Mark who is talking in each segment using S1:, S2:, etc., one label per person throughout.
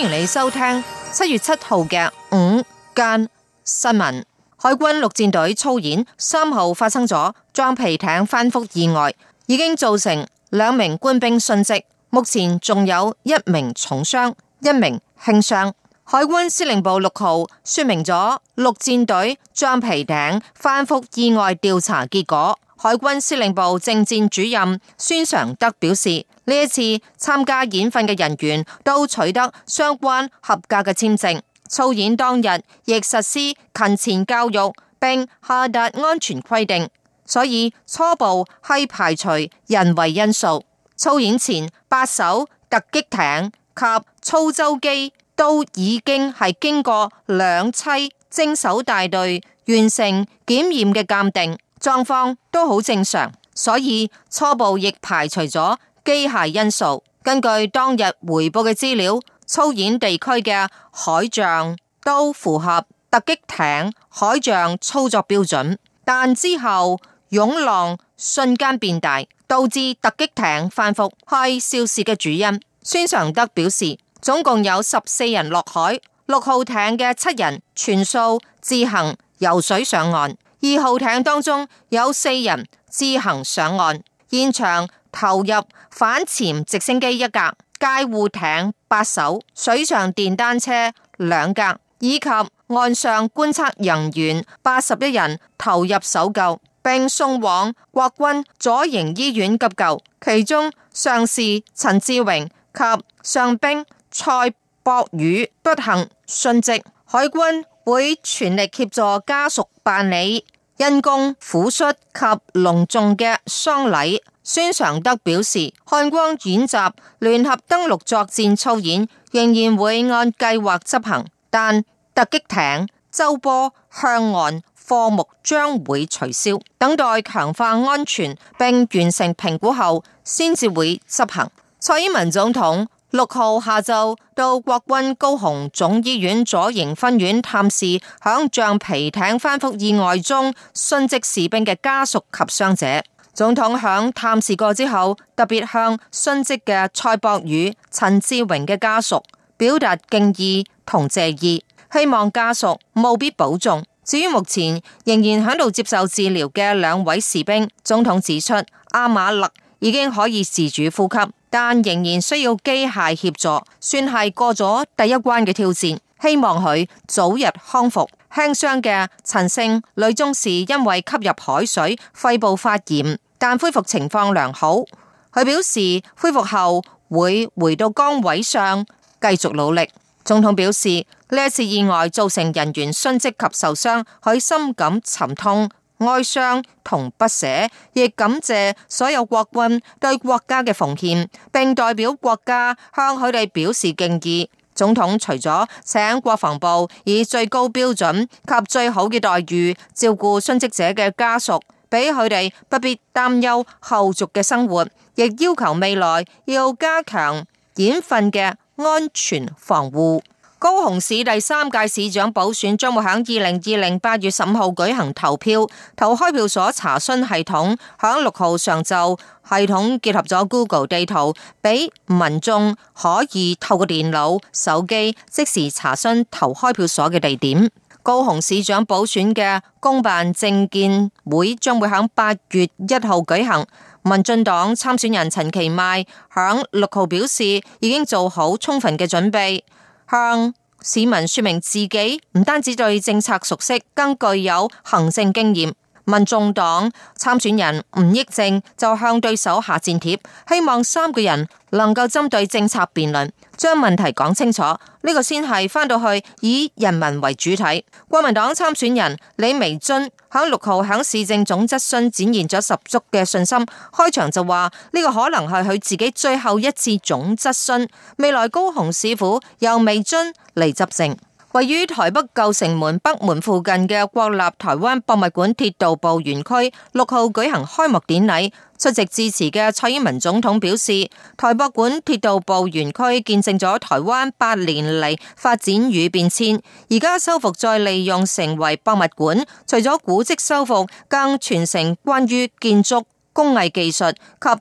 S1: 歡迎你收聽七月七號嘅午間新聞。海軍陸戰隊操演三號發生咗橡皮艇翻覆意外，已經造成兩名官兵殉職，目前仲有一名重傷，一名輕傷。海軍司令部六號說明咗陸戰隊橡皮艇翻覆意外調查結果。海軍司令部政戰主任孫常德表示，呢一次參加演訓嘅人員都取得相關合格嘅簽證，操演當日亦實施勤前教育，並下達安全規定，所以初步係排除人為因素。操演前八艘突擊艇及操舟機都已經係經過兩棲偵搜大隊完成檢驗嘅鑒定。狀況都好正常，所以初步亦排除咗機械因素。根據當日回報嘅資料，操演地區嘅海象都符合突擊艇海象操作標準，但之後湧浪瞬間變大，導致突擊艇翻覆係肇事嘅主因。孫常德表示，總共有十四人落海，六號艇嘅七人全數自行游水上岸。二號艇當中有四人自行上岸，現場投入反潛直升機一架、戒護艇八艘、水上電單車兩架，以及岸上觀測人員八十一人投入搜救，並送往國軍左營醫院急救，其中上士陳志榮及上兵蔡博宇不幸殉職，海軍。會全力協助家屬辦理因公撫恤及隆重嘅喪禮。孫常德表示，漢光演習聯合登陸作戰操演仍然會按計劃執行，但突擊艇、舟波向岸課目將會取消，等待強化安全並完成評估後，先至會執行。蔡英文總統。六號下晝到國軍高雄總醫院左營分院探視，響橡皮艇翻覆意外中殉職士兵嘅家屬及傷者。總統響探視過之後，特別向殉職嘅蔡博宇、陳志榮嘅家屬表達敬意同謝意，希望家屬務必保重。至於目前仍然響度接受治療嘅兩位士兵，總統指出阿馬勒已經可以自主呼吸。但仍然需要機械協助，算係過咗第一關嘅挑戰。希望佢早日康復。輕傷嘅陳姓女中士因為吸入海水，肺部發炎，但恢復情況良好。佢表示恢復後會回到崗位上繼續努力。總統表示呢一次意外造成人員殉職及受傷，佢深感沉痛。哀傷同不捨，亦感謝所有國軍對國家嘅奉獻，並代表國家向佢哋表示敬意。總統除咗請國防部以最高標準及最好嘅待遇照顧殉職者嘅家屬，俾佢哋不必擔憂後續嘅生活，亦要求未來要加強演訓嘅安全防護。高雄市第三屆市長補選將會喺二零二零八月十五號舉行投票。投開票所查詢系統喺六號上晝，系統結合咗 Google 地圖，俾民眾可以透過電腦、手機即時查詢投開票所嘅地點。高雄市長補選嘅公辦政見會將會喺八月一號舉行。民進黨參選人陳其邁喺六號表示，已經做好充分嘅準備。向市民說明自己唔單止對政策熟悉，更具有行政經驗。民眾黨參選人吳益政就向對手下戰帖，希望三個人能夠針對政策辯論，將問題講清楚，呢、這個先係翻到去以人民為主體。國民黨參選人李媚蓁喺六號喺市政總質詢展現咗十足嘅信心，開場就話呢、這個可能係佢自己最後一次總質詢，未來高雄市府由媚蓁嚟執政。位於台北舊城門北門附近嘅國立台灣博物館鐵道部園區六號舉行開幕典禮，出席致辭嘅蔡英文總統表示，台博館鐵道部園區見證咗台灣百年嚟發展與變遷，而家修復再利用成為博物館，除咗古蹟修復，更傳承關於建築。工藝技術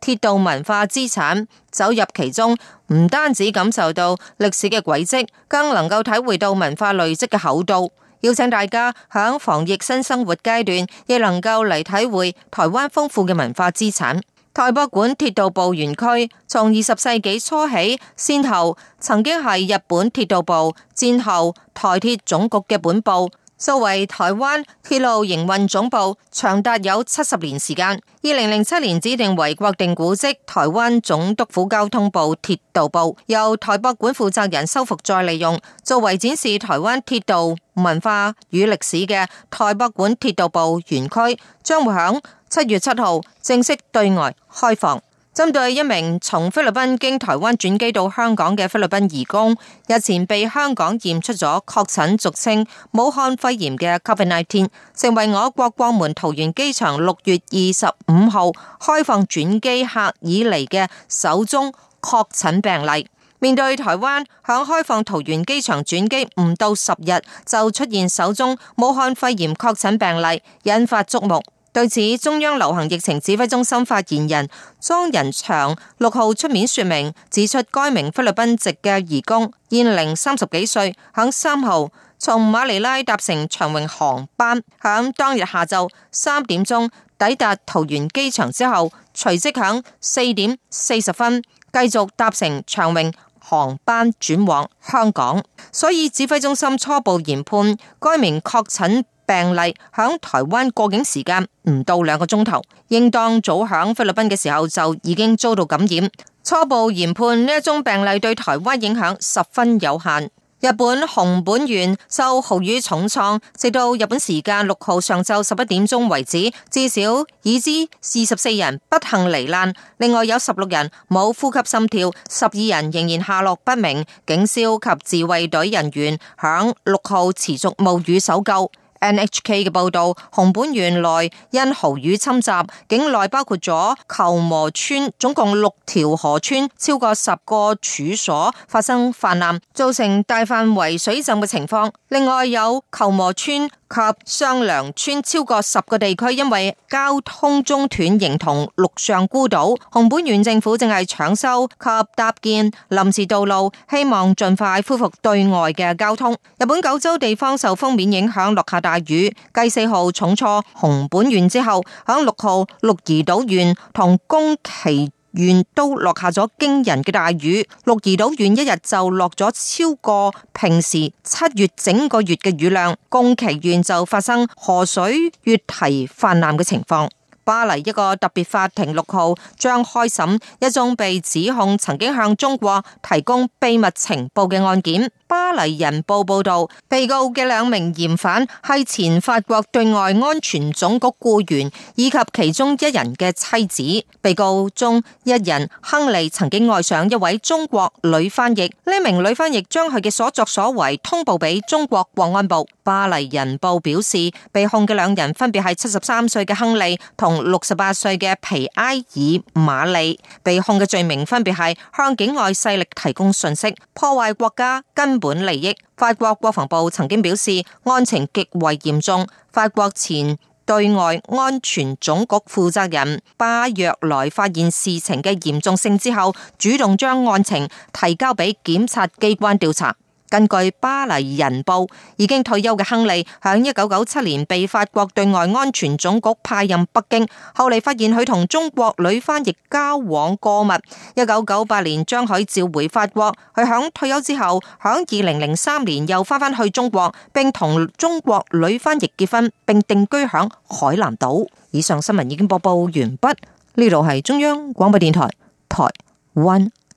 S1: 及鐵道文化資產走入其中，唔單止感受到歷史嘅軌跡，更能夠體會到文化累積嘅厚度。邀請大家響防疫新生活階段，亦能夠嚟體會台灣豐富嘅文化資產。台博館鐵道部園區從二十世紀初起，先後曾經係日本鐵道部戰後台鐵總局嘅本部。作為台灣鐵路營運總部，長達有七十年時間。二零零七年指定為國定古蹟，台灣總督府交通部鐵道部由台博館負責人修復再利用，作為展示台灣鐵道文化與歷史嘅台博館鐵道部園區，將會響七月七號正式對外開放。針對一名從菲律賓經台灣轉機到香港嘅菲律賓移工，日前被香港驗出咗確診俗稱武漢肺炎嘅 COVID-19，成為我國國門桃園機場六月二十五號開放轉機客以嚟嘅首宗確診病例。面對台灣響開放桃園機場轉機唔到十日就出現首宗武漢肺炎確診病例，引發矚目。對此，中央流行疫情指揮中心發言人莊人祥六號出面說明，指出該名菲律賓籍嘅移工現年三十幾歲，響三號從馬尼拉搭乘長榮航班，響當日下晝三點鐘抵達桃園機場之後，隨即響四點四十分繼續搭乘長榮航班轉往香港，所以指揮中心初步研判該名確診，病例響台灣過境時間唔到兩個鐘頭，應當早響菲律賓嘅時候就已經遭到感染。初步研判呢一宗病例對台灣影響十分有限。日本熊本縣受豪雨重創，直到日本時間六號上晝十一點鐘為止，至少已知四十四人不幸罹難，另外有十六人冇呼吸心跳，十二人仍然下落不明。警消及自衛隊人員響六號持續冒雨搜救。NHK 嘅報道，熊本縣內因豪雨侵襲，境內包括咗球磨村，總共六條河川，超過十個處所發生泛濫，造成大範圍水浸嘅情況。另外有球磨村及雙梁村超過十個地區因為交通中斷，形同陸上孤島。熊本縣政府正係搶修及搭建臨時道路，希望盡快恢復對外嘅交通。日本九州地方受鋒面影響落下大大雨繼四號重挫熊本縣之後，喺六號鹿兒島縣同宮崎縣都落下咗驚人嘅大雨。鹿兒島縣一日就落咗超過平時七月整個月嘅雨量，宮崎縣就發生河水越堤氾濫嘅情況。巴黎一個特別法庭六號將開審一宗被指控曾經向中國提供秘密情報嘅案件。巴黎人報報道，被告嘅兩名嫌犯係前法國對外安全總局僱員，以及其中一人嘅妻子。被告中一人亨利曾經愛上一位中國女翻譯，呢名女翻譯將佢嘅所作所為通報俾中國國安部。巴黎人報表示，被控嘅兩人分別係七十三歲嘅亨利同。六十八歲嘅皮埃爾·馬里被控嘅罪名分別係向境外勢力提供信息，破壞國家根本利益。法國國防部曾經表示，案情極為嚴重。法國前對外安全總局負責人巴若萊發現事情嘅嚴重性之後，主動將案情提交俾檢察機關調查。根據《巴黎人報》，已經退休嘅亨利響一九九七年被法國對外安全總局派任北京，後嚟，發現佢同中國女翻譯交往過密。一九九八年將佢召回法國，佢響退休之後，響二零零三年又翻返去中國，並同中國女翻譯結婚，並定居響海南島。以上新聞已經播報完畢，呢度係中央廣播電台台灣。